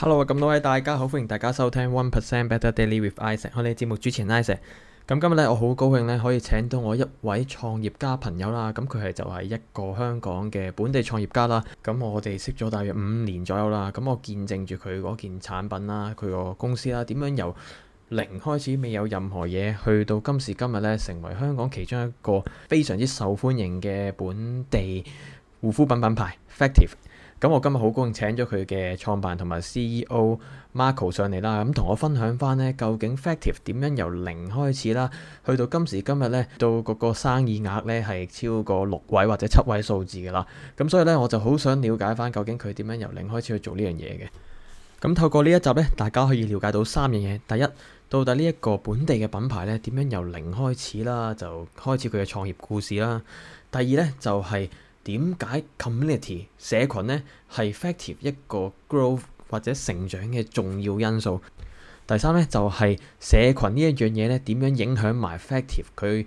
Hello，咁多位大家好，歡迎大家收聽 One Percent Better Daily with Isaac。我哋節目主持人 Isaac。咁 IS 今日咧，我好高興咧，可以請到我一位創業家朋友啦。咁佢係就係一個香港嘅本地創業家啦。咁我哋識咗大約五年左右啦。咁我見證住佢嗰件產品啦，佢個公司啦，點樣由零開始未有任何嘢，去到今時今日咧，成為香港其中一個非常之受歡迎嘅本地護膚品品牌 Factive。咁我今日好高興請咗佢嘅創辦同埋 CEO Marco 上嚟啦，咁同我分享翻呢，究竟 Factive 點樣由零開始啦，去到今時今日呢，到嗰個生意額呢，係超過六位或者七位數字噶啦，咁所以呢，我就好想了解翻究竟佢點樣由零開始去做呢樣嘢嘅。咁透過呢一集呢，大家可以了解到三樣嘢：第一，到底呢一個本地嘅品牌呢，點樣由零開始啦，就開始佢嘅創業故事啦；第二呢，就係、是。點解 community 社群呢？係 effective 一個 growth 或者成長嘅重要因素？第三呢，就係、是、社群呢一樣嘢呢點樣影響埋 effective 佢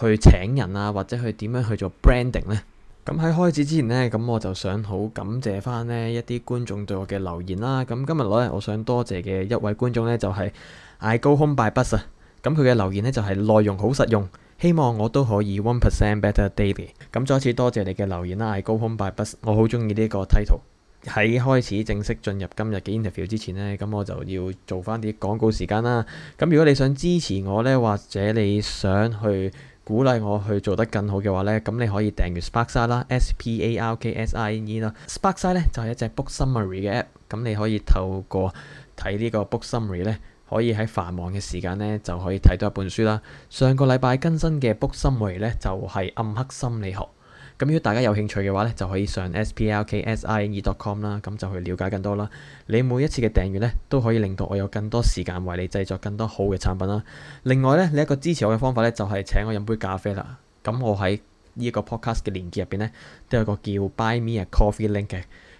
去請人啊，或者去點樣去做 branding 呢？咁喺開始之前呢，咁我就想好感謝返呢一啲觀眾對我嘅留言啦。咁今日攞嚟我想多謝嘅一位觀眾呢、就是，就係 I Go Home by Bus 啊。咁佢嘅留言呢、就是，就係內容好實用。希望我都可以 one percent better daily 咁再一次多謝你嘅留言啦 i go home by bus 我好中意呢個 title 喺開始正式進入今日嘅 interview 之前呢咁我就要做翻啲廣告時間啦咁如果你想支持我呢或者你想去鼓勵我去做得更好嘅話呢咁你可以訂閱 Sparksine 啦 S-P-A-R-K-S-I-N-E 啦 Sparksine 呢就係、是、一隻 book summary 嘅 app 咁你可以透過睇呢個 book summary 呢可以喺繁忙嘅時間呢就可以睇到一本書啦。上個禮拜更新嘅《book summary》呢就係、是、暗黑心理學。咁如果大家有興趣嘅話呢，就可以上 sparksine.com 啦，咁就去了解更多啦。你每一次嘅訂閱呢，都可以令到我有更多時間為你製作更多好嘅產品啦。另外呢，你一個支持我嘅方法呢，就係、是、請我飲杯咖啡啦。咁我喺呢一個 podcast 嘅連結入邊呢，都有個叫 Buy Me a Coffee link 嘅。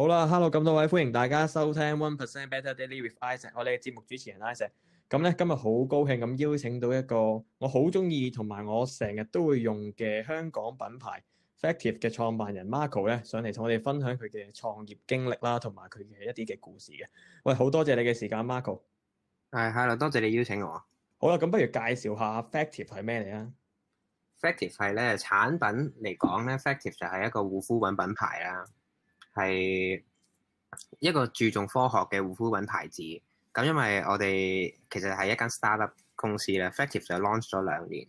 好啦，Hello，咁多位，歡迎大家收聽 One Percent Better Daily with Isaac，我哋嘅節目主持人 Isaac。咁咧今日好高興咁邀請到一個我好中意同埋我成日都會用嘅香港品牌 Factive 嘅創辦人 Marco 咧上嚟同我哋分享佢嘅創業經歷啦，同埋佢嘅一啲嘅故事嘅。喂，好多謝你嘅時間，Marco。係，Hello，多謝你邀請我。好啦，咁不如介紹下 Factive 係咩嚟啊？Factive 係咧產品嚟講咧，Factive 就係一個護膚品品牌啦。係一個注重科學嘅護膚品牌子。咁因為我哋其實係一間 startup 公司啦 Effective 就 launch 咗兩年。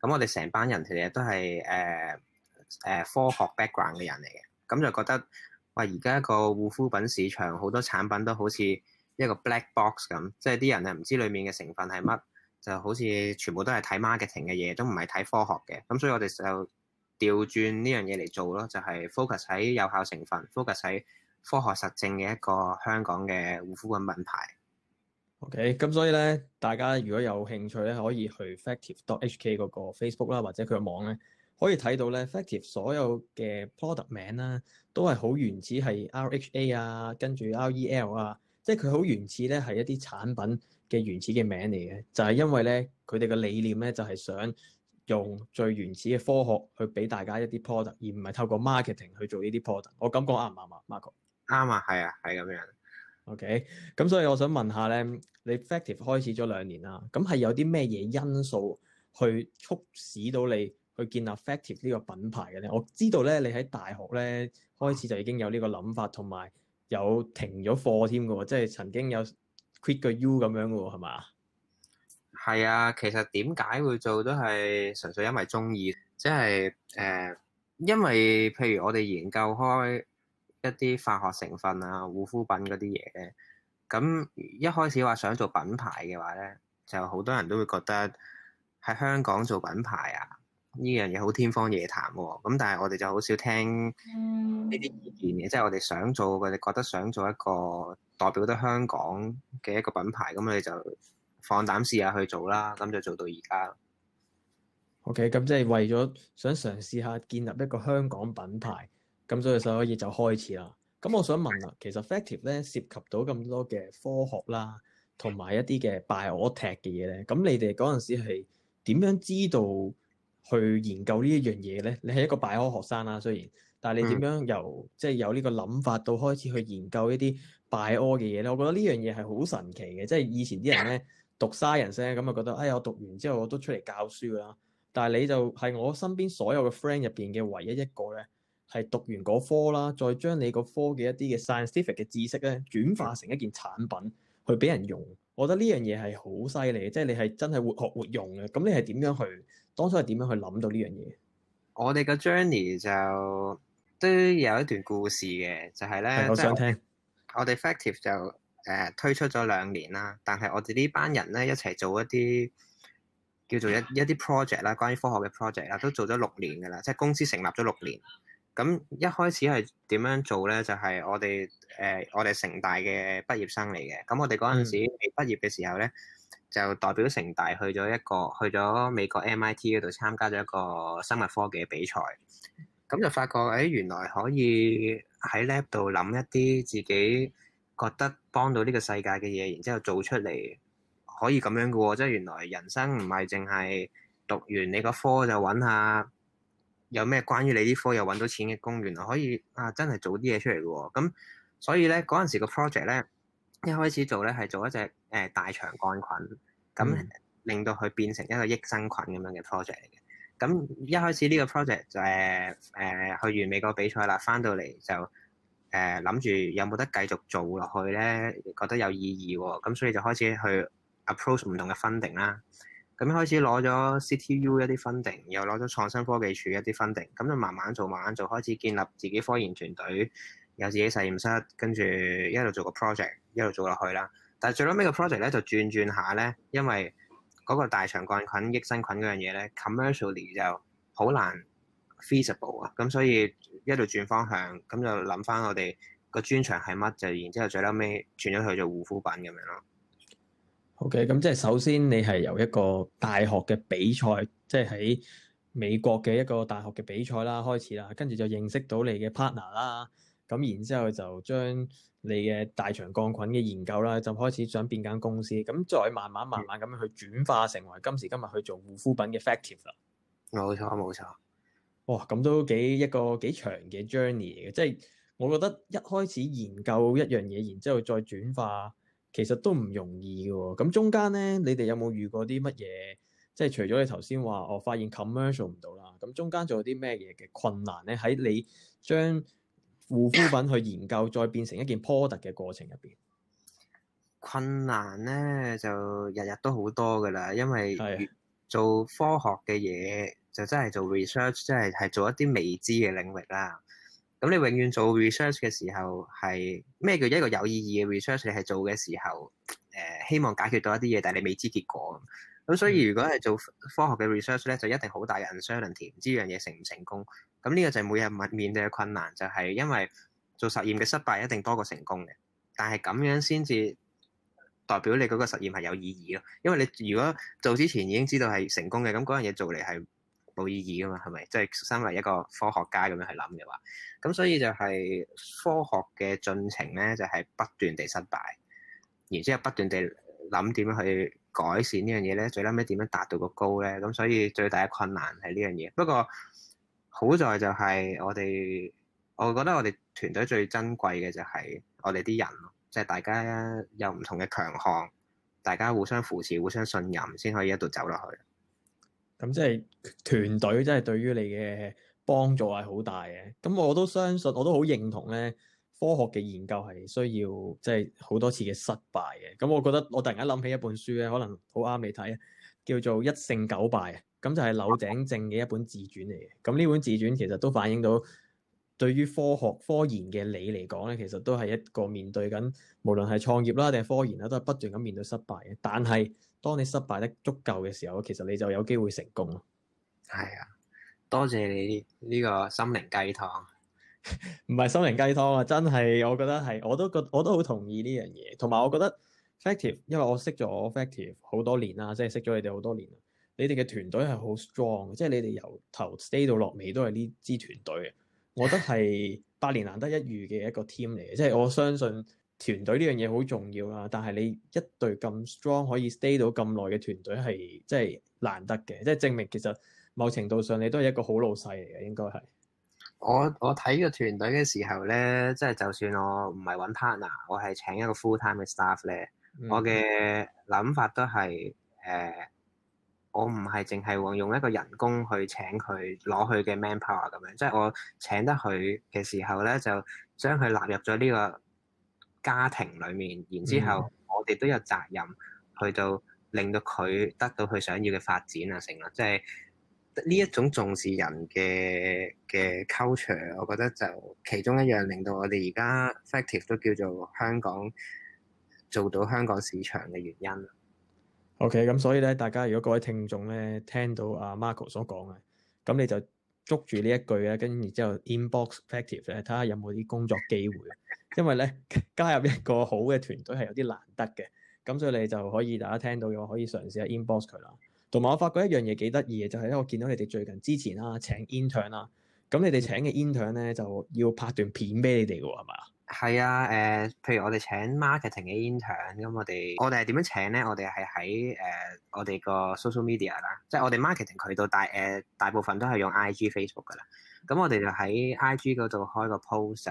咁我哋成班人其實都係誒誒科學 background 嘅人嚟嘅。咁就覺得話而家個護膚品市場好多產品都好似一個 black box 咁，即係啲人係唔知裡面嘅成分係乜，就好似全部都係睇 marketing 嘅嘢，都唔係睇科學嘅。咁所以我哋就～調轉呢樣嘢嚟做咯，就係 focus 喺有效成分，focus 喺科學實證嘅一個香港嘅護膚品品牌。OK，咁所以咧，大家如果有興趣咧，可以去 Factive.HK 嗰個 Facebook 啦，或者佢個網咧，可以睇到咧 Factive 所有嘅 product 名啦，都係好原始係 RHA 啊，跟住 REL 啊，即係佢好原始咧，係一啲產品嘅原始嘅名嚟嘅，就係因為咧，佢哋嘅理念咧就係想。用最原始嘅科學去俾大家一啲 product，而唔係透過 marketing 去做呢啲 product。我咁講啱唔啱啊 Mark？啱啊，係啊，係咁樣。OK，咁所以我想問下咧，你 Effective 開始咗兩年啦，咁係有啲咩嘢因素去促使到你去建立 Effective 呢個品牌嘅咧？我知道咧，你喺大學咧開始就已經有呢個諗法，同埋有，有停咗課添㗎喎，即係曾經有 quit 個 U 咁樣㗎喎，係咪？係啊，其實點解會做都係純粹因為中意，即係誒，因為譬如我哋研究開一啲化學成分啊、護膚品嗰啲嘢咧，咁一開始話想做品牌嘅話咧，就好多人都會覺得喺香港做品牌啊，呢樣嘢好天方夜譚喎、哦。咁但係我哋就好少聽呢啲意見嘅，即係、嗯、我哋想做，我哋覺得想做一個代表得香港嘅一個品牌，咁你就，放膽試下去做啦，咁就做到而家。OK. 咁即係為咗想嘗試下建立一個香港品牌，咁所以所以就開始啦。咁我想問啦，其實 Factive 咧涉及到咁多嘅科學啦，同埋一啲嘅 bio tech 嘅嘢咧。咁你哋嗰陣時係點樣知道去研究呢一樣嘢咧？你係一個 bio 學生啦，雖然，但係你點樣由、嗯、即係有呢個諗法到開始去研究一啲 bio 嘅嘢咧？我覺得呢樣嘢係好神奇嘅，即係以前啲人咧。讀 science 咁啊，就覺得哎呀，我讀完之後我都出嚟教書噶啦。但係你就係我身邊所有嘅 friend 入邊嘅唯一一個咧，係讀完嗰科啦，再將你個科嘅一啲嘅 scientific 嘅知識咧，轉化成一件產品，嗯、去俾人用。我覺得呢樣嘢係好犀利，即係你係真係活學活用嘅。咁你係點樣去？當初係點樣去諗到呢樣嘢？我哋個 journey 就都有一段故事嘅，就係咧，嗯、是我想聽。我哋 Factive 就。誒，推出咗兩年啦，但係我哋呢班人咧一齊做一啲叫做一一啲 project 啦，關於科學嘅 project 啦，都做咗六年噶啦，即係公司成立咗六年。咁一開始係點樣做咧？就係、是、我哋誒、呃、我哋城大嘅畢業生嚟嘅。咁我哋嗰陣時未畢業嘅時候咧，就代表城大去咗一個去咗美國 MIT 嗰度參加咗一個生物科技嘅比賽。咁就發覺誒、哎，原來可以喺 lab 度諗一啲自己。覺得幫到呢個世界嘅嘢，然之後做出嚟可以咁樣嘅喎、哦，即係原來人生唔係淨係讀完你個科就揾下有咩關於你啲科又揾到錢嘅工，原來可以啊，真係做啲嘢出嚟嘅喎。咁所以咧，嗰陣時個 project 咧，一開始做咧，係做一隻誒、呃、大腸桿菌，咁令到佢變成一個益生菌咁樣嘅 project 嚟嘅。咁一開始呢個 project 就誒、是、誒、呃、去完美國比賽啦，翻到嚟就。誒諗住有冇得繼續做落去咧，覺得有意義喎、哦，咁所以就開始去 approach 唔同嘅 funding 啦。咁開始攞咗 CTU 一啲 funding，又攞咗創新科技署一啲 funding，咁就慢慢做，慢慢做，開始建立自己科研團隊，有自己實驗室，跟住一路做個 project，一路做落去啦。但係最屘尾個 project 咧就轉轉下咧，因為嗰個大腸桿菌益生菌嗰樣嘢咧 commercially 就好難。feasible 啊，咁所以一路轉方向，咁就諗翻我哋個專長係乜就，然之後最撈尾轉咗去做護膚品咁樣咯。OK 咁即係首先你係由一個大學嘅比賽，即係喺美國嘅一個大學嘅比賽啦開始啦，跟住就認識到你嘅 partner 啦。咁然之後就將你嘅大腸桿菌嘅研究啦，就開始想變間公司。咁再慢慢慢慢咁樣去轉化成為今時今日去做護膚品嘅 factive 啦。冇錯，冇錯。哇，咁都幾一個幾長嘅 journey 嚟嘅，即係我覺得一開始研究一樣嘢，然之後再轉化，其實都唔容易嘅。咁、嗯、中間咧，你哋有冇遇過啲乜嘢？即係除咗你頭先話，我、哦、發現 commercial 唔到啦。咁、嗯、中間仲有啲咩嘢嘅困難咧？喺你將護膚品去研究， 再變成一件 product 嘅過程入邊，困難咧就日日都好多噶啦，因為做科學嘅嘢。就真係做 research，即係係做一啲未知嘅領域啦。咁你永遠做 research 嘅時候係咩叫一個有意義嘅 research？你係做嘅時候，誒、呃、希望解決到一啲嘢，但係你未知結果。咁所以如果係做科學嘅 research 咧，就一定好大嘅 uncertainty，唔知樣嘢成唔成功。咁呢個就係每日面面對嘅困難，就係、是、因為做實驗嘅失敗一定多過成功嘅。但係咁樣先至代表你嗰個實驗係有意義咯。因為你如果做之前已經知道係成功嘅，咁嗰樣嘢做嚟係冇意義噶嘛，係咪？即係身為一個科學家咁樣去諗嘅話，咁所以就係科學嘅進程咧，就係不斷地失敗，然之後不斷地諗點樣去改善呢樣嘢咧，最撈尾點樣達到個高咧？咁所以最大嘅困難係呢樣嘢。不過好在就係我哋，我覺得我哋團隊最珍貴嘅就係我哋啲人，即係大家有唔同嘅強項，大家互相扶持、互相信任，先可以一度走落去。咁即係團隊，即係對於你嘅幫助係好大嘅。咁我都相信，我都好認同咧，科學嘅研究係需要即係好多次嘅失敗嘅。咁我覺得，我突然間諗起一本書咧，可能好啱你睇，叫做《一勝九敗》。咁就係柳井正嘅一本自傳嚟嘅。咁呢本自傳其實都反映到。對於科學、科研嘅你嚟講咧，其實都係一個面對緊，無論係創業啦，定係科研啦，都係不斷咁面對失敗嘅。但係，當你失敗得足夠嘅時候，其實你就有機會成功咯。係啊、哎，多謝你呢個心靈雞湯。唔係 心靈雞湯啊，真係我覺得係，我都覺我都好同意呢樣嘢。同埋我覺得 Effective，因為我識咗 Effective 好多年啦，即係識咗你哋好多年。你哋嘅團隊係好 strong 嘅，即係你哋由頭 stay 到落尾都係呢支團隊嘅。我覺得係百年難得一遇嘅一個 team 嚟嘅，即係我相信團隊呢樣嘢好重要啦。但係你一隊咁 strong 可以 stay 到咁耐嘅團隊係即係難得嘅，即係證明其實某程度上你都係一個好老細嚟嘅，應該係。我我睇個團隊嘅時候咧，即係就算我唔係揾 partner，我係請一個 full time 嘅 staff 咧，嗯、我嘅諗法都係誒。呃我唔係淨係用一個人工去請佢攞佢嘅 manpower 咁樣，即係我請得佢嘅時候咧，就將佢納入咗呢個家庭裏面，然之後我哋都有責任去到令到佢得到佢想要嘅發展啊，成啦，即係呢一種重視人嘅嘅 culture，我覺得就其中一樣令到我哋而家 effective 都叫做香港做到香港市場嘅原因。OK，咁所以咧，大家如果各位聽眾咧聽到阿 Marco 所講嘅，咁你就捉住呢一句咧，跟住之後 inbox Factiv 咧，睇下有冇啲工作機會。因為咧加入一個好嘅團隊係有啲難得嘅，咁所以你就可以大家聽到嘅話，可以嘗試下 inbox 佢啦。同埋我發覺一樣嘢幾得意嘅，就係咧我見到你哋最近之前啊請 intern 啦，咁你哋請嘅 intern 咧就要拍段片俾你哋嘅喎，係咪？係啊，誒、呃，譬如我哋請 marketing 嘅 intern，咁我哋我哋係點樣請咧？我哋係喺誒我哋個 social media 啦，即係我哋 marketing 渠道大誒、呃、大部分都係用 IG Facebook 噶啦，咁我哋就喺 IG 嗰度開個 post，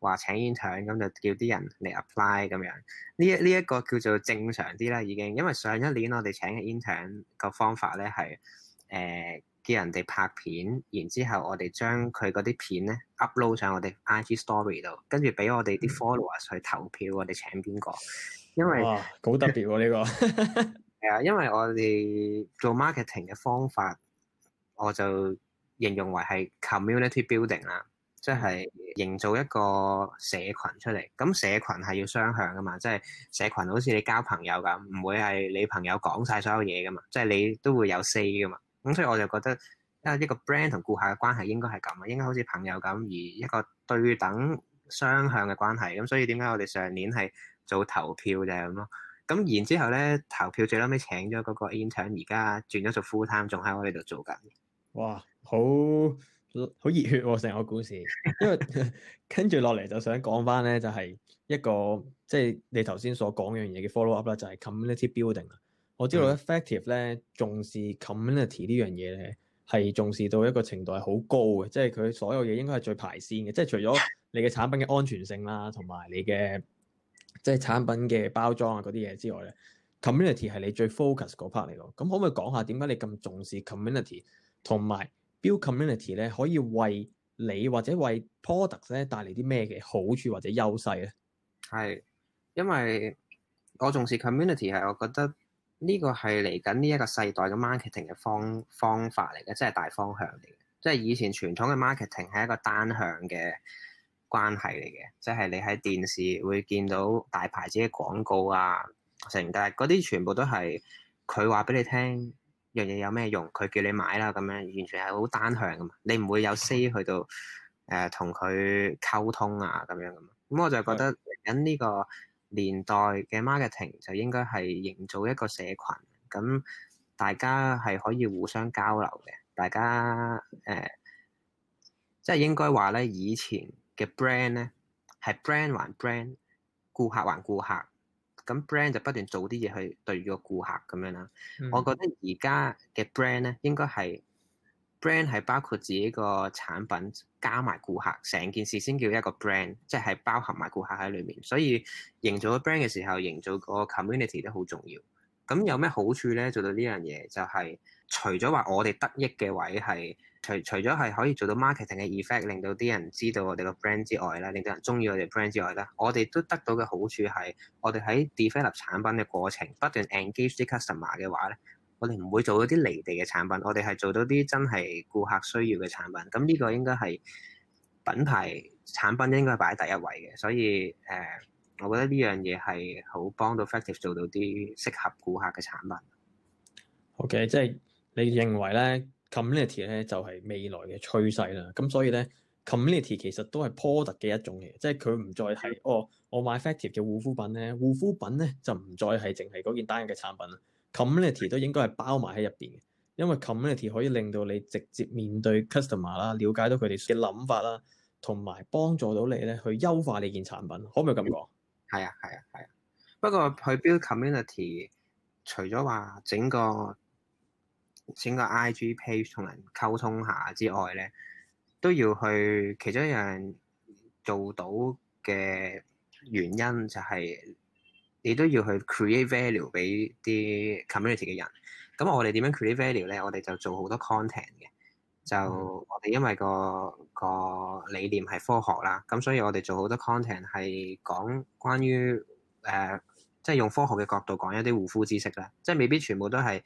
話請 intern，咁就叫啲人嚟 apply 咁樣。呢一呢一個叫做正常啲啦，已經，因為上一年我哋請嘅 intern 個方法咧係誒。叫人哋拍片，然之後我哋將佢嗰啲片咧 upload 上我哋 IG Story 度，跟住俾我哋啲 followers 去投票，我哋請邊個？因為好特別喎，呢個係啊， 因為我哋做 marketing 嘅方法，我就形容為係 community building 啦，即係營造一個社群出嚟。咁社群係要雙向噶嘛，即係社群好似你交朋友咁，唔會係你朋友講晒所有嘢噶嘛，即係你都會有 say 噶嘛。咁所以我就覺得，因為一個 brand 同顧客嘅關係應該係咁啊，應該好似朋友咁，而一個對等雙向嘅關係。咁所以點解我哋上年係做投票就係咁咯。咁然之後咧，投票最後尾請咗嗰個 intern，而家轉咗做 full time，仲喺我哋度做緊。哇！好好熱血喎、啊，成個故事。因為跟住落嚟就想講翻咧，就係一個即係你頭先所講嘅樣嘢嘅 follow up 啦，就係 community building。我知道 effective 咧，重視 community 呢樣嘢咧，係重視到一個程度係好高嘅，即係佢所有嘢應該係最排先嘅。即係除咗你嘅產品嘅安全性啦，同埋你嘅即係產品嘅包裝啊嗰啲嘢之外咧，community 係你最 focus 嗰 part 嚟咯，咁可唔可以講下點解你咁重視 community 同埋 build community 咧？可以為你或者為 product 咧帶嚟啲咩嘅好處或者優勢咧？係因為我重視 community 係我覺得。呢個係嚟緊呢一個世代嘅 marketing 嘅方方法嚟嘅，即係大方向嚟嘅。即係以前傳統嘅 marketing 係一個單向嘅關係嚟嘅，即係你喺電視會見到大牌子嘅廣告啊、成日嗰啲全部都係佢話俾你聽樣嘢有咩用，佢叫你買啦咁樣，完全係好單向噶嘛。你唔會有 say 去到誒同佢溝通啊咁樣噶咁、嗯、我就覺得嚟緊呢個。年代嘅 marketing 就應該係營造一個社群，咁大家係可以互相交流嘅，大家誒、呃，即係應該話咧，以前嘅 brand 咧係 brand 還 brand，顧客還顧客，咁 brand 就不斷做啲嘢去對住個顧客咁樣啦。嗯、我覺得而家嘅 brand 咧應該係。brand 係包括自己個產品加埋顧客成件事先叫一個 brand，即係包含埋顧客喺裡面。所以營造個 brand 嘅時候，營造個 community 都好重要。咁有咩好處咧？做到呢樣嘢就係、是、除咗話我哋得益嘅位係，除除咗係可以做到 marketing 嘅 effect，令到啲人知道我哋個 brand 之外啦，令到人鍾意我哋 brand 之外啦，我哋都得到嘅好處係，我哋喺 develop 產品嘅過程，不斷 engage 啲 customer 嘅話咧。我哋唔會做嗰啲離地嘅產品，我哋係做到啲真係顧客需要嘅產品。咁呢個應該係品牌產品應該係擺喺第一位嘅，所以誒、呃，我覺得呢樣嘢係好幫到 Factive 做到啲適合顧客嘅產品。OK，即係你認為咧 Community 咧就係、是、未來嘅趨勢啦。咁所以咧 Community 其實都係 product 嘅一種嚟嘅，即係佢唔再係、嗯、哦，我買 Factive 嘅護膚品咧，護膚品咧就唔再係淨係嗰件單嘅產品。Community 都應該係包埋喺入邊嘅，因為 Community 可以令到你直接面對 customer 啦，了解到佢哋嘅諗法啦，同埋幫助到你咧去優化你件產品，可唔可以咁講？係啊，係啊，係啊。不過去 build community，除咗話整個整個 IG page 同人溝通下之外咧，都要去其中一樣做到嘅原因就係、係。你都要去 create value 俾啲 community 嘅人。咁我哋點樣 create value 咧？我哋就做好多 content 嘅。就我哋因為個個理念係科學啦，咁所以我哋做好多 content 係講關於誒、呃、即係用科學嘅角度講一啲護膚知識啦。即係未必全部都係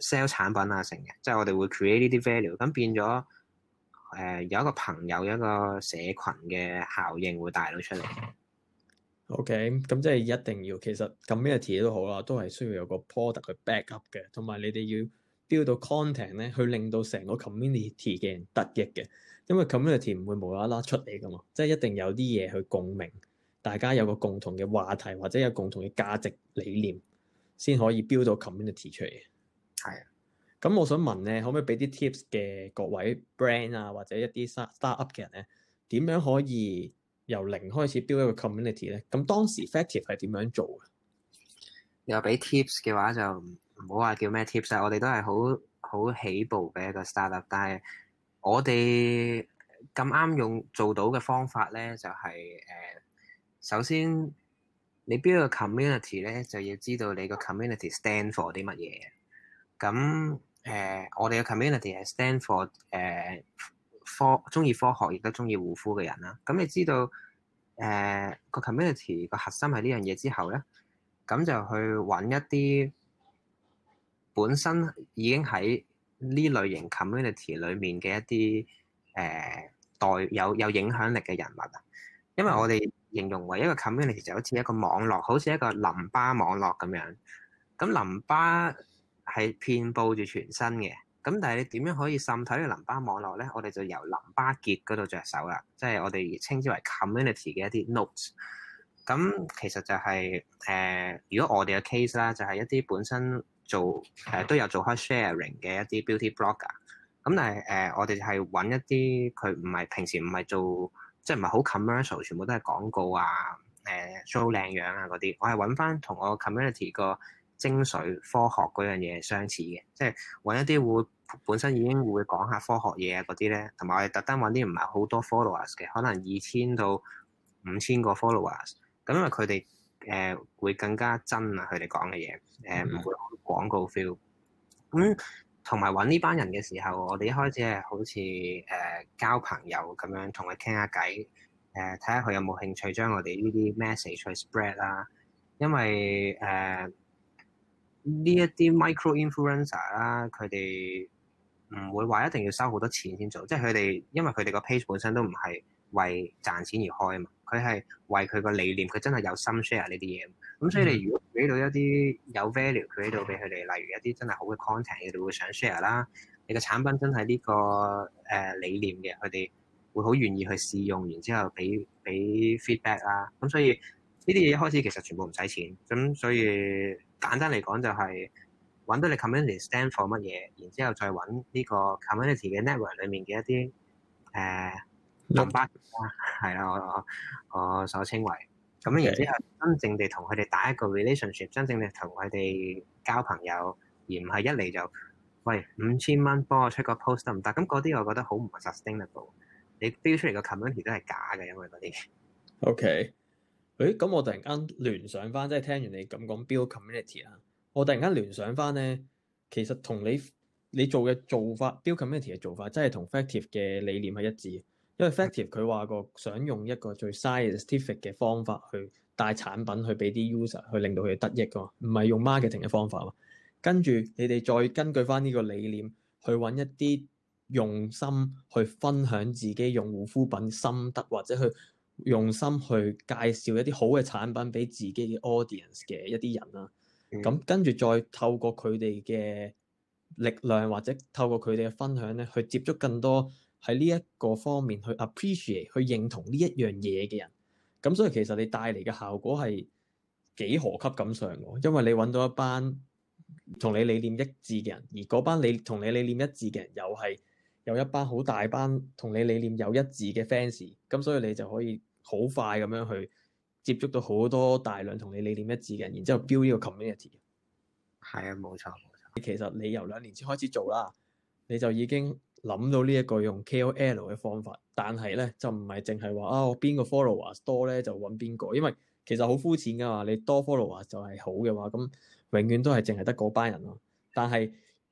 誒 sell 產品啊成嘅。即係我哋會 create 呢啲 value。咁變咗誒有一個朋友一個社群嘅效應會帶到出嚟。 OK，咁即係一定要，其實 community 都好啦，都係需要有個 product 去 back up 嘅，同埋你哋要 build 到 content 咧，去令到成個 community 嘅人得益嘅。因為 community 唔會無啦啦出嚟噶嘛，即係一定有啲嘢去共鳴，大家有個共同嘅話題或者有共同嘅價值理念，先可以 build 到 community 出嚟。係啊、嗯，咁我想問咧，可唔可以俾啲 tips 嘅各位 brand 啊，或者一啲 start up 嘅人咧，點樣可以，由零開始標一個 community 咧，咁當時 Factive 係點樣做嘅？又俾 tips 嘅話就唔好話叫咩 tips，我哋都係好好起步嘅一個 startup。但係我哋咁啱用做到嘅方法咧，就係、是、誒、呃、首先你標個 community 咧，就要知道你個 community stand for 啲乜嘢。咁誒、呃、我哋嘅 community 係 stand for 誒、呃。.科中意科學亦都中意護膚嘅人啦，咁你知道誒、呃、個 community 個核心係呢樣嘢之後咧，咁就去揾一啲本身已經喺呢類型 community 裏面嘅一啲誒代有有影響力嘅人物啊，因為我哋形容為一個 community 就好似一個網絡，好似一個淋巴網絡咁樣，咁淋巴係遍布住全身嘅。咁但係你點樣可以滲透呢個淋巴網絡咧？我哋就由淋巴結嗰度着手啦，即係我哋稱之為 community 嘅一啲 notes。咁其實就係誒，如果我哋嘅 case 啦，就係一啲本身做誒都有做開 sharing 嘅一啲 beauty blogger。咁但係誒，我哋係揾一啲佢唔係平時唔係做即係唔係好 commercial，全部都係廣告啊、誒 show 靚樣啊嗰啲。我係揾翻同我 community 個。精髓科學嗰樣嘢相似嘅，即係揾一啲會本身已經會講下科學嘢啊嗰啲咧，同埋我哋特登揾啲唔係好多 followers 嘅，可能二千到五千個 followers 咁，因為佢哋誒會更加真啊，佢哋講嘅嘢誒唔會好廣告 feel。咁同埋揾呢班人嘅時候，我哋一開始係好似誒、呃、交朋友咁樣同佢傾下偈誒，睇下佢有冇興趣將我哋呢啲 message 去 spread 啦、啊，因為誒。呃呢一啲 micro influencer 啦，佢哋唔會話一定要收好多錢先做，嗯、即係佢哋因為佢哋個 page 本身都唔係為賺錢而開啊嘛，佢係為佢個理念，佢真係有心 share 呢啲嘢。咁所以你如果俾到一啲有 value，佢喺度俾佢哋，的例如一啲真係好嘅 content，佢哋會想 share 啦。你個產品真係呢個誒理念嘅，佢哋會好願意去試用，然之後俾俾 feedback 啦。咁所以。呢啲嘢一開始其實全部唔使錢，咁所以簡單嚟講就係揾到你 community stand for 乜嘢，然之後再揾呢個 community 嘅 network 裏面嘅一啲誒 number 啊，係、呃、啦 Okay.，我我，我所稱為，咁樣然之後真正地同佢哋打一個 relationship，真正地同佢哋交朋友，而唔係一嚟就喂五千蚊幫我出個 post 得唔得？咁嗰啲我覺得好唔 sustainable，你 build 出嚟個 community 都係假嘅，因為嗰啲。O K。誒咁，哎、我突然間聯想翻，即係聽完你咁講 build community 啊，我突然間聯想翻咧，其實同你你做嘅做法 build community 嘅做法，真係同 factive 嘅理念係一致，因為 factive 佢話過想用一個最 scientific 嘅方法去帶產品去俾啲 user 去令到佢得益噶嘛，唔係用 marketing 嘅方法嘛，跟住你哋再根據翻呢個理念去揾一啲用心去分享自己用護膚品心得或者去。用心去介紹一啲好嘅產品俾自己嘅 audience 嘅一啲人啦，咁跟住再透過佢哋嘅力量或者透過佢哋嘅分享咧，去接觸更多喺呢一個方面去 appreciate、去認同呢一樣嘢嘅人，咁所以其實你帶嚟嘅效果係幾何級咁上㗎，因為你揾到一班同你理念一致嘅人，而嗰班你同你理念一致嘅人又係。有一班好大班同你理念有一致嘅 fans，咁所以你就可以好快咁樣去接觸到好多大量同你理念一致嘅人，然之後 build 呢個 community。係啊，冇錯冇錯。你其實你由兩年前開始做啦，你就已經諗到呢一個用 KOL 嘅方法，但係咧就唔係淨係話啊邊個 follower 多咧就揾邊個，因為其實好膚淺噶嘛，你多 follower 就係好嘅嘛，咁永遠都係淨係得嗰班人咯。但係。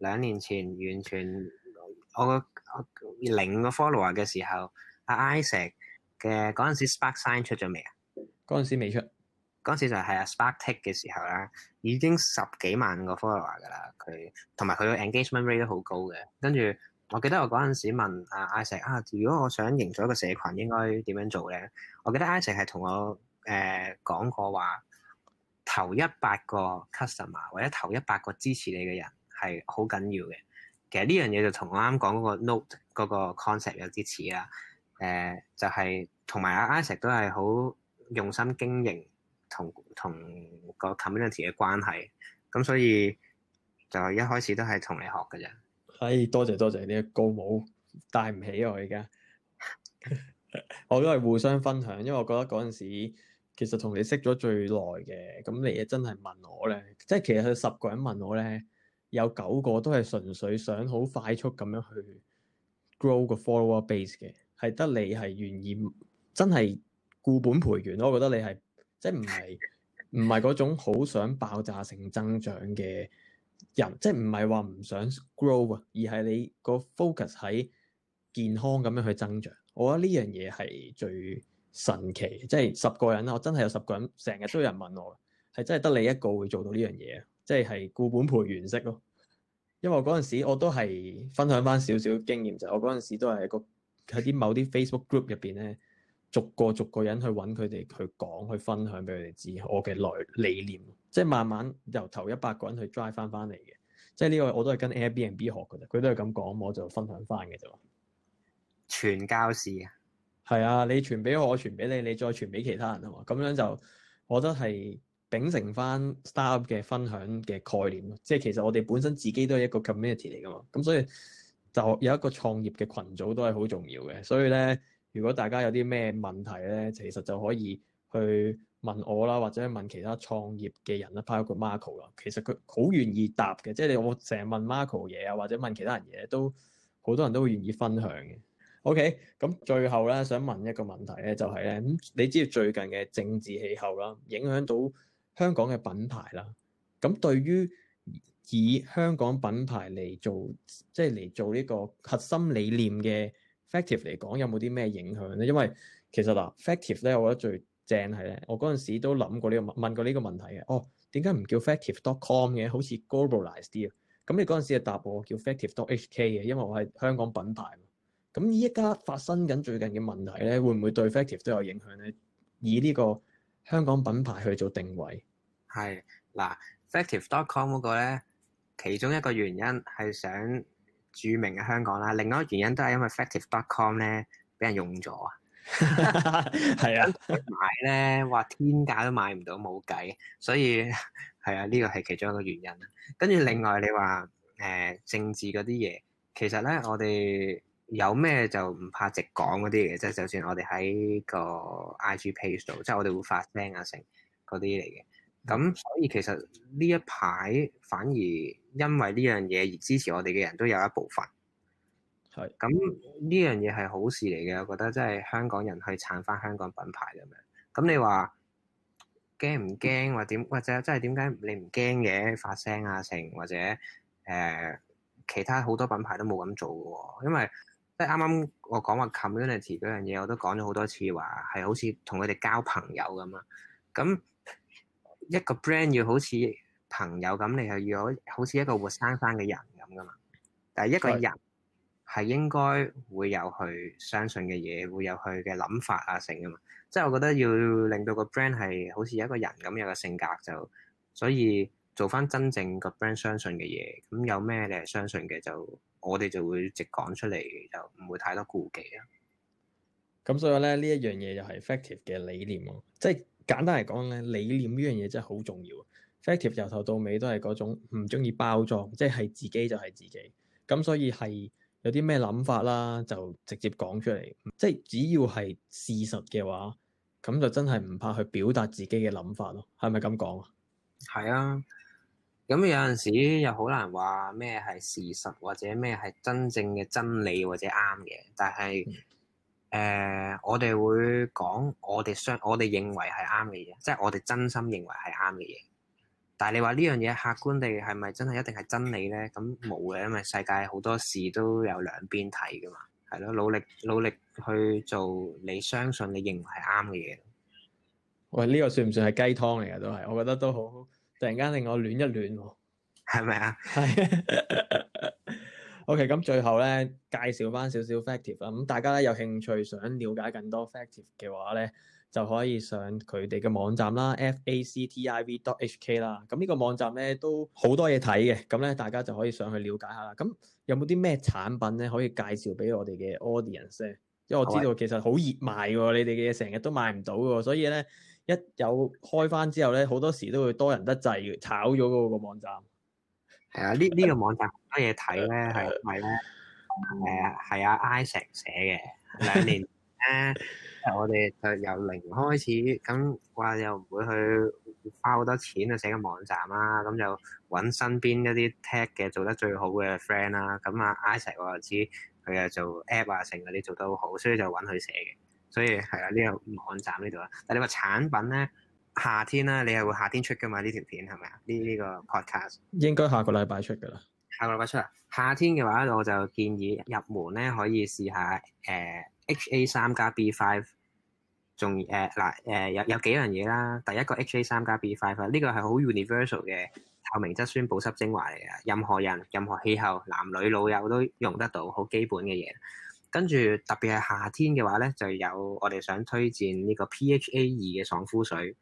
兩年前完全我，我零個 follower 嘅時候，阿、啊、Isaac 嘅嗰陣時，SparkSign 出咗未啊？嗰陣時未出，嗰陣時就係阿 SparkTake 嘅時候啦，已經十幾萬個 follower 噶啦，佢同埋佢嘅 engagement rate 都好高嘅。跟住我記得我嗰陣時問阿、啊、Isaac 啊，如果我想營造一個社群，應該點樣做咧？我記得 Isaac 係同我誒、呃、講過話，頭一百個 customer 或者頭一百個支持你嘅人。係好緊要嘅。其實呢樣嘢就同我啱講嗰個 note 嗰個 concept 有啲似啊。誒、呃，就係同埋阿 Isaac 都係好用心經營同同個 community 嘅關係。咁所以就一開始都係同你學嘅啫。係、哎、多謝多謝你、這個、高帽帶唔起我而家， 我都係互相分享，因為我覺得嗰陣時其實同你識咗最耐嘅。咁你真係問我咧，即係其實佢十個人問我咧。有九個都係純粹想好快速咁樣去 grow 個 follower base 嘅，係得你係願意真係固本培元咯。我覺得你係即係唔係唔係嗰種好想爆炸性增長嘅人，即係唔係話唔想 grow 啊，而係你個 focus 喺健康咁樣去增長。我覺得呢樣嘢係最神奇，即係十個人啦，我真係有十個人成日都有人問我，係真係得你一個會做到呢樣嘢。即係係固本培元式咯，因為我嗰陣時我都係分享翻少少經驗，就係我嗰陣時都係喺個喺啲某啲 Facebook group 入邊咧，逐個逐個人去揾佢哋去講，去分享俾佢哋知我嘅內理念。即係慢慢由頭一百個人去 drive 翻翻嚟嘅。即係呢個我都係跟 Airbnb 學嘅啫，佢都係咁講，我就分享翻嘅啫。傳教士啊，係啊，你傳俾我，我傳俾你，你再傳俾其他人啊嘛，咁樣就我覺得係。秉承翻 startup 嘅分享嘅概念，即係其實我哋本身自己都係一個 community 嚟噶嘛，咁所以就有一個創業嘅群組都係好重要嘅。所以咧，如果大家有啲咩問題咧，其實就可以去問我啦，或者去問其他創業嘅人啦，包括個 Marco 啦，其實佢好願意答嘅。即係你有冇成日問 Marco 嘢啊，或者問其他人嘢，都好多人都會願意分享嘅。OK，咁最後咧，想問一個問題咧，就係咧，你知道最近嘅政治氣候啦，影響到。香港嘅品牌啦，咁對於以香港品牌嚟做，即係嚟做呢個核心理念嘅 Factive 嚟講，有冇啲咩影響咧？因為其實嗱，Factive 咧，我覺得最正係咧，我嗰陣時都諗過呢個問問過呢個問題嘅。哦，點解唔叫 Factive.com 嘅？好似 globalize 啲啊。咁你嗰陣時就答我，我叫 Factive.hk 嘅，因為我係香港品牌。咁依家發生緊最近嘅問題咧，會唔會對 Factive 都有影響咧？以呢個香港品牌去做定位。係嗱，factive.com 嗰個咧，其中一個原因係想著名嘅香港啦。另外一個原因都係因為 factive.com 咧，俾人用咗啊，係啊，買咧話天價都買唔到，冇計，所以係啊，呢個係其中一個原因。跟住另外你話誒、呃、政治嗰啲嘢，其實咧我哋有咩就唔怕直講嗰啲嘅，即係就算我哋喺個 IG page 度，即、就、係、是、我哋會發聲啊成，成嗰啲嚟嘅。咁所以其實呢一排反而因為呢樣嘢而支持我哋嘅人都有一部分，係。咁呢樣嘢係好事嚟嘅，我覺得真係香港人去撐翻香港品牌咁樣。咁你話驚唔驚？或點或者即係點解你唔驚嘅發聲啊成？成或者誒、呃、其他好多品牌都冇咁做嘅喎、哦，因為即係啱啱我講話 community 嗰樣嘢，我都講咗好多次話係好似同佢哋交朋友咁啊。咁一個 brand 要好似朋友咁，你又要好似一個活生生嘅人咁噶嘛。但係一個人係應該會有佢相信嘅嘢，會有佢嘅諗法啊，成噶嘛。即係我覺得要令到個 brand 係好似一個人咁樣嘅性格就，所以做翻真正個 brand 相信嘅嘢，咁有咩你係相信嘅，就我哋就會直講出嚟，就唔會太多顧忌啊。咁所以咧呢一樣嘢又係 effective 嘅理念咯，即係。簡單嚟講咧，理念呢樣嘢真係好重要。Fateful 由頭到尾都係嗰種唔中意包裝，即係自己就係自己。咁所以係有啲咩諗法啦，就直接講出嚟。即係只要係事實嘅話，咁就真係唔怕去表達自己嘅諗法咯。係咪咁講啊？係啊。咁有陣時又好難話咩係事實，或者咩係真正嘅真理，或者啱嘅。但係誒、呃，我哋會講我哋相，我哋認為係啱嘅嘢，即係我哋真心認為係啱嘅嘢。但係你話呢樣嘢客觀地係咪真係一定係真理咧？咁冇嘅，因為世界好多事都有兩邊睇噶嘛，係咯。努力努力去做你相信你認為係啱嘅嘢。喂，呢、呢個算唔算係雞湯嚟嘅都係？我覺得都好，突然間令我暖一暖喎，係咪啊？ OK，咁、嗯、最後咧，介紹翻少少 Factiv 啦、嗯。咁大家咧有興趣想了解更多 Factiv 嘅話咧，就可以上佢哋嘅網站啦，factiv.hk 啦。咁、嗯、呢、這個網站咧都好多嘢睇嘅。咁、嗯、咧大家就可以上去了解下啦。咁、嗯、有冇啲咩產品咧可以介紹俾我哋嘅 Audience？因為我知道其實好熱賣喎，的你哋嘅嘢成日都買唔到喎，所以咧一有開翻之後咧，好多時都會多人得滯，炒咗嗰個網站。係啊，呢呢、個網站好多嘢睇咧，係咪咧？誒，係啊，Isaac 寫嘅兩年咧， 我哋就由零開始，咁話又唔會去花好多錢去寫個網站啦、啊。咁就揾身邊一啲 tech 嘅做得最好嘅 friend 啦、啊。咁啊，Isaac 我就知佢又做 app 啊，成嗰啲做得好好，所以就揾佢寫嘅。所以係啊，呢、個網站呢度啊，但係你話產品咧？夏天啦、啊，你係會夏天出噶嘛？呢條片係咪啊？呢呢、呢個 podcast 應該下個禮拜出噶啦。下個禮拜出啊！夏天嘅話，我就建議入門咧，可以試下誒、呃、h a 三加 b five，仲誒嗱誒有有幾樣嘢啦。第一個 h a 三加 b five 呢、呢個係好 universal 嘅透明質酸保濕精華嚟嘅，任何人、任何氣候、男女老幼都用得到，好基本嘅嘢。跟住特別係夏天嘅話咧，就有我哋想推薦呢個 p h a 二嘅爽膚水。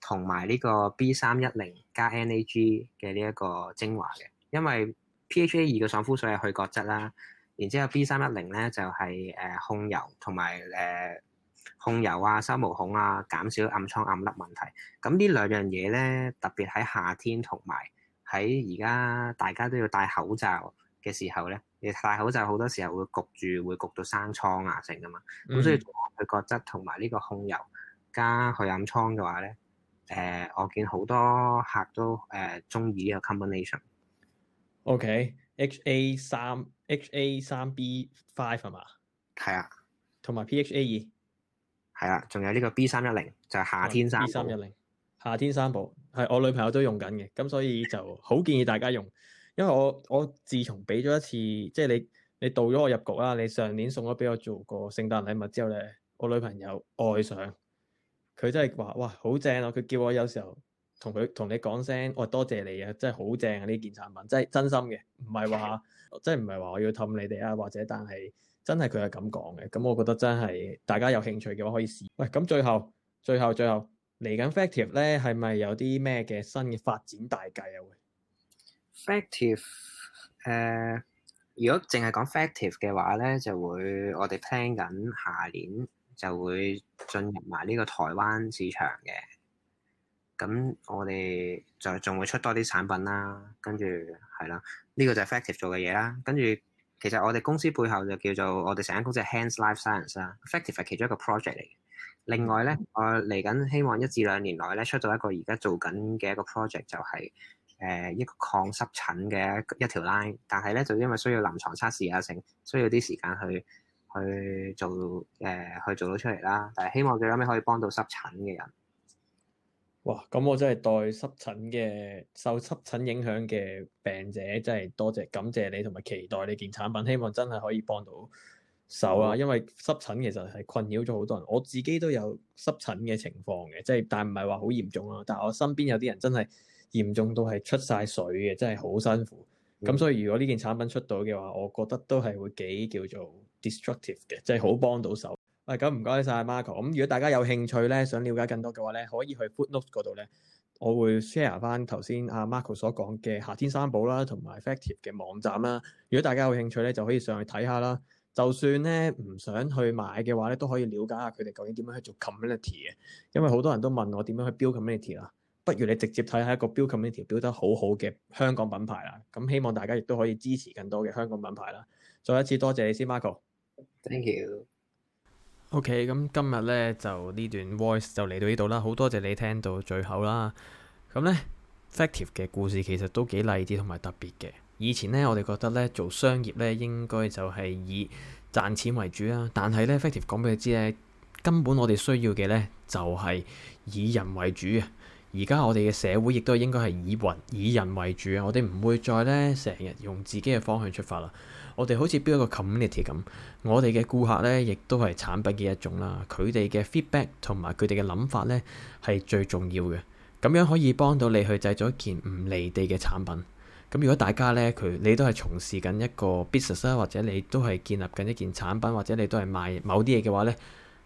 同埋呢個 B 三一零加 N A G 嘅呢一個精華嘅，因為 P H A 二嘅爽膚水係去角質啦，然之後 B 三一零咧就係、是、誒、呃、控油同埋誒控油啊、收毛孔啊、減少暗瘡暗粒問題。咁呢兩樣嘢咧，特別喺夏天同埋喺而家大家都要戴口罩嘅時候咧，你戴口罩好多時候會焗住，會焗到生瘡啊成噶嘛。咁、嗯、所以去角質同埋呢個控油加去暗瘡嘅話咧。誒、呃，我見好多客都誒中意呢個 combination。OK，HA 三 HA 三 B five 係嘛？係啊，同埋 PHA 二係啊，仲有呢個 B 三一零就係夏天三 B 三一零夏天三部係、哦、我女朋友都用緊嘅，咁所以就好建議大家用，因為我我自從俾咗一次即係你你導咗我入局啦，你上年送咗俾我做個聖誕禮物之後咧，我女朋友愛上。佢真係話哇，好正啊！佢叫我有時候同佢同你講聲，我多謝你啊，真係好正啊！呢件產品真係真心嘅，唔係話真唔係話我要氹你哋啊，或者但係真係佢係咁講嘅。咁我覺得真係大家有興趣嘅話可以試。喂，咁最後最後最後嚟緊 Factive 咧係咪有啲咩嘅新嘅發展大計啊？Factive 誒、呃，如果淨係講 Factive 嘅話咧，就會我哋 plan 緊下年。就會進入埋呢個台灣市場嘅，咁我哋就仲會出多啲產品啦，跟住係啦，呢、呢個就係 Effective 做嘅嘢啦，跟住其實我哋公司背後就叫做我哋成間公司係 Hands Life Science 啦 Effective 係其中一個 project 嚟嘅。另外咧，我嚟緊希望一至兩年內咧出到一個而家做緊嘅一個 project 就係、是、誒、呃、一個抗濕疹嘅一,一條 line，但係咧就因為需要臨床測試啊，成需要啲時間去。去做誒、呃，去做到出嚟啦。但係希望佢最屘可以幫到濕疹嘅人。哇！咁我真係對濕疹嘅受濕疹影響嘅病者，真係多謝感謝你，同埋期待呢件產品，希望真係可以幫到手啊。嗯、因為濕疹其實係困擾咗好多人，我自己都有濕疹嘅情況嘅，即係但唔係話好嚴重啦。但係我身邊有啲人真係嚴重到係出晒水嘅，真係好辛苦。咁、嗯、所以如果呢件產品出到嘅話，我覺得都係會幾叫做。destructive 嘅，即係好幫到手。喂、哎，咁唔該晒阿 Marco。咁如果大家有興趣咧，想了解更多嘅話咧，可以去 Footnote 嗰度咧，我會 share 翻頭先阿 Marco 所講嘅夏天三寶啦，同埋 Factive 嘅網站啦。如果大家有興趣咧，就可以上去睇下啦。就算咧唔想去買嘅話咧，都可以了解下佢哋究竟點樣去做 community 嘅，因為好多人都問我點樣去 build community 啦。不如你直接睇下一個 build community build 得好好嘅香港品牌啦。咁希望大家亦都可以支持更多嘅香港品牌啦。再一次多謝你先，Marco。Thank you。OK，咁今日呢，就呢段 voice 就嚟到呢度啦，好多謝你聽到最後啦。咁呢 FACTIVE 嘅故事其實都幾勵志同埋特別嘅。以前呢，我哋覺得呢做商業呢應該就係以賺錢為主啦、啊。但係呢 FACTIVE 講俾你知呢，根本我哋需要嘅呢就係、是、以人為主啊。而家我哋嘅社會亦都係應該係以云以人為主啊。我哋唔會再呢成日用自己嘅方向出發啦。我哋好似 build 一個 community 咁，我哋嘅顧客呢亦都係產品嘅一種啦。佢哋嘅 feedback 同埋佢哋嘅諗法呢係最重要嘅。咁樣可以幫到你去製造一件唔離地嘅產品。咁如果大家呢，佢你都係從事緊一個 business 或者你都係建立緊一件產品或者你都係賣某啲嘢嘅話呢，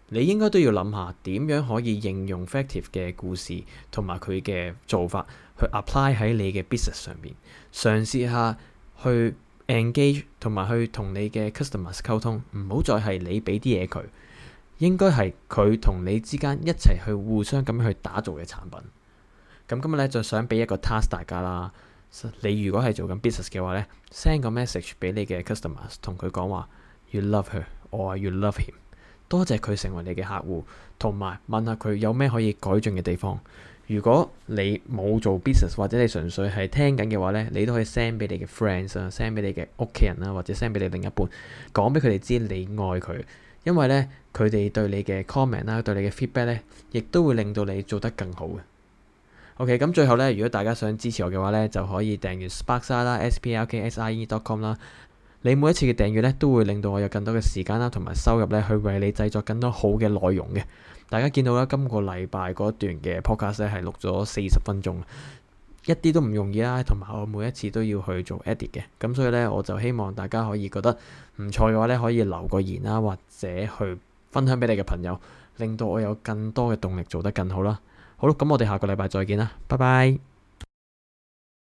你應該都要諗下點樣可以應用 effective 嘅故事同埋佢嘅做法去 apply 喺你嘅 business 上面。嘗試下去。Engage 同埋去同你嘅 customers 溝通，唔好再係你俾啲嘢佢，應該係佢同你之間一齊去互相咁樣去打造嘅產品。咁今日咧就想俾一個 task 大家啦。你如果係做緊 business 嘅話咧，send 個 message 俾你嘅 customers，同佢講話，You love her or you love him，多謝佢成為你嘅客戶，同埋問下佢有咩可以改進嘅地方。如果你冇做 business 或者你純粹係聽緊嘅話呢，你都可以 send 俾你嘅 friends 啊，send 俾你嘅屋企人啦，或者 send 俾你另一半，講俾佢哋知你愛佢，因為呢，佢哋對你嘅 comment 啦，對你嘅 feedback 呢，亦都會令到你做得更好嘅。OK，咁最後呢，如果大家想支持我嘅話呢，就可以訂閱 Spark 沙啦，S P L K S I E dot com 啦。你每一次嘅訂閱呢，都會令到我有更多嘅時間啦，同埋收入呢，去為你製作更多好嘅內容嘅。大家見到啦，今個禮拜嗰段嘅 podcast 咧係錄咗四十分鐘，一啲都唔容易啦。同埋我每一次都要去做 edit 嘅，咁所以呢，我就希望大家可以覺得唔錯嘅話呢，可以留個言啦，或者去分享俾你嘅朋友，令到我有更多嘅動力做得更好啦。好啦，咁我哋下個禮拜再見啦，拜拜。